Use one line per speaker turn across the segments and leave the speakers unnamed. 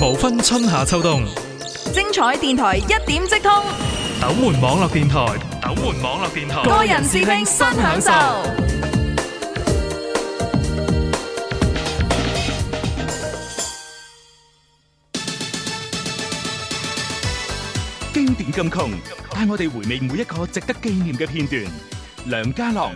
無分春夏秋冬，精彩電台一點即通。斗門網絡電台，斗門網絡電台，個人視聽，新
享受。
經典金曲，帶我哋回味每一個值得紀念嘅片段。梁家朗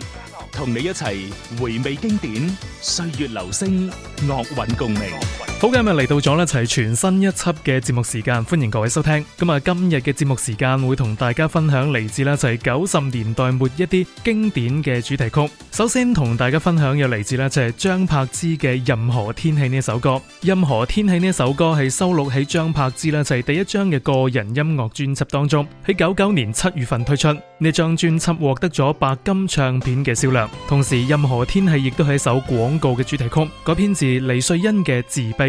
同你一齊回味經典，歲月留聲，樂韻共鳴。
好嘅，今日嚟到咗咧，就係全新一輯嘅節目時間，歡迎各位收聽。今日嘅節目時間會同大家分享嚟自就係九十年代末一啲經典嘅主題曲。首先同大家分享嘅嚟自就係張柏芝嘅《任何天氣》呢首歌，《任何天氣》呢首歌係收錄喺張柏芝就係第一張嘅個人音樂專輯當中，喺九九年七月份推出呢張專輯，獲得咗白金唱片嘅銷量。同時，《任何天氣》亦都係一首廣告嘅主題曲，改編自黎瑞恩嘅《自卑》。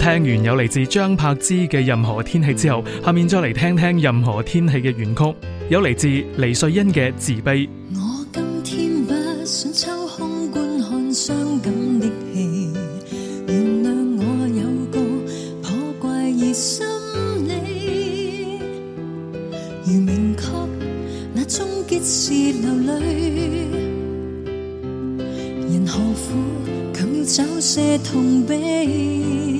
聽完有嚟自張柏芝嘅《任何天氣》之後，下面再嚟聽聽《任何天氣》嘅原曲，有嚟自黎瑞恩嘅《自卑》。我
今天不想抽空觀看傷感的戲，原諒我有個頗怪異心理。如明確那終結是流淚，人何苦強要找些痛悲？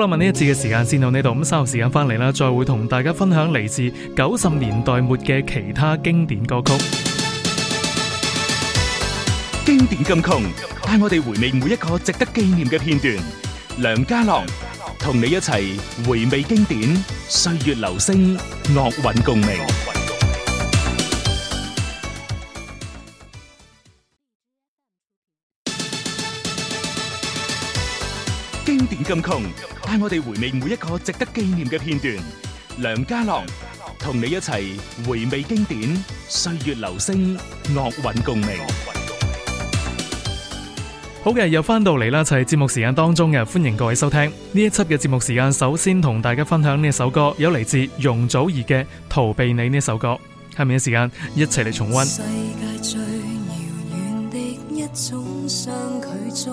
好啦，問呢一次嘅時間先到呢度，咁稍後時間翻嚟啦，再會同大家分享嚟自九十年代末嘅其他經典歌曲。經典金曲
帶我哋回味每一個值得紀念嘅片段。梁家樂同你一齊回味經典，歲月留聲，樂韻共鳴。點咁窮？帶我哋回味每一個值得紀念嘅片段。梁家朗同你一齊回味經典，歲月留聲，樂韻共鳴。
好嘅，又翻到嚟啦，就係、是、節目時間當中嘅，歡迎各位收聽呢一輯嘅節目時間。首先同大家分享呢首歌，有嚟自容祖兒嘅《逃避你》呢首歌。下面嘅時間一齊嚟重溫。
世界最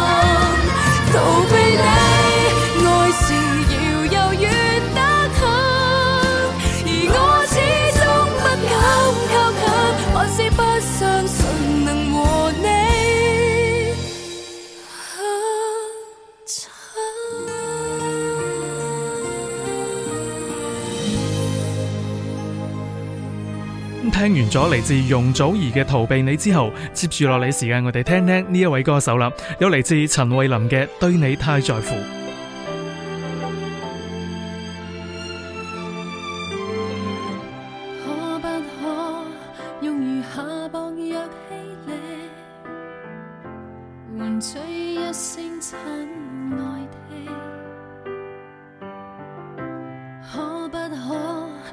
聽完咗嚟自容祖兒嘅逃避你之後，接住落嚟，時間我哋聽聽呢一位歌手啦，有嚟自陳慧琳嘅對你太在乎。
可不可用餘下薄弱氣力，換取一聲親愛聽？可不可？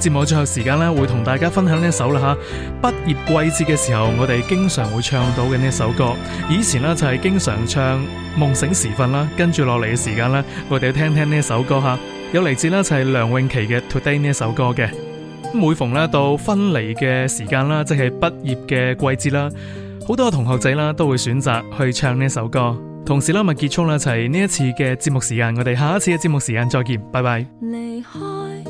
節目最後時間咧，會同大家分享呢首啦吓，畢業季節嘅時候，我哋經常會唱到嘅呢一首歌。以前呢，就係經常唱《夢醒時分》啦，跟住落嚟嘅時間呢，我哋要聽聽呢一首歌吓，有嚟自呢，就係梁詠琪嘅《Today》呢一首歌嘅。每逢呢到分離嘅時間啦，即係畢業嘅季節啦，好多同學仔啦都會選擇去唱呢首歌。同時啦，咪結束啦，就係呢一次嘅節目時間，我哋下一次嘅節目時間再見，拜拜。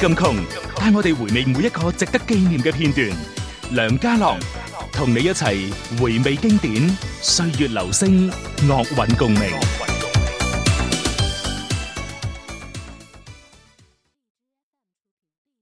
咁窮，帶我哋回味每一個值得紀念嘅片段。梁家朗，同你一齊回味經典，歲月留聲，樂韻共鳴。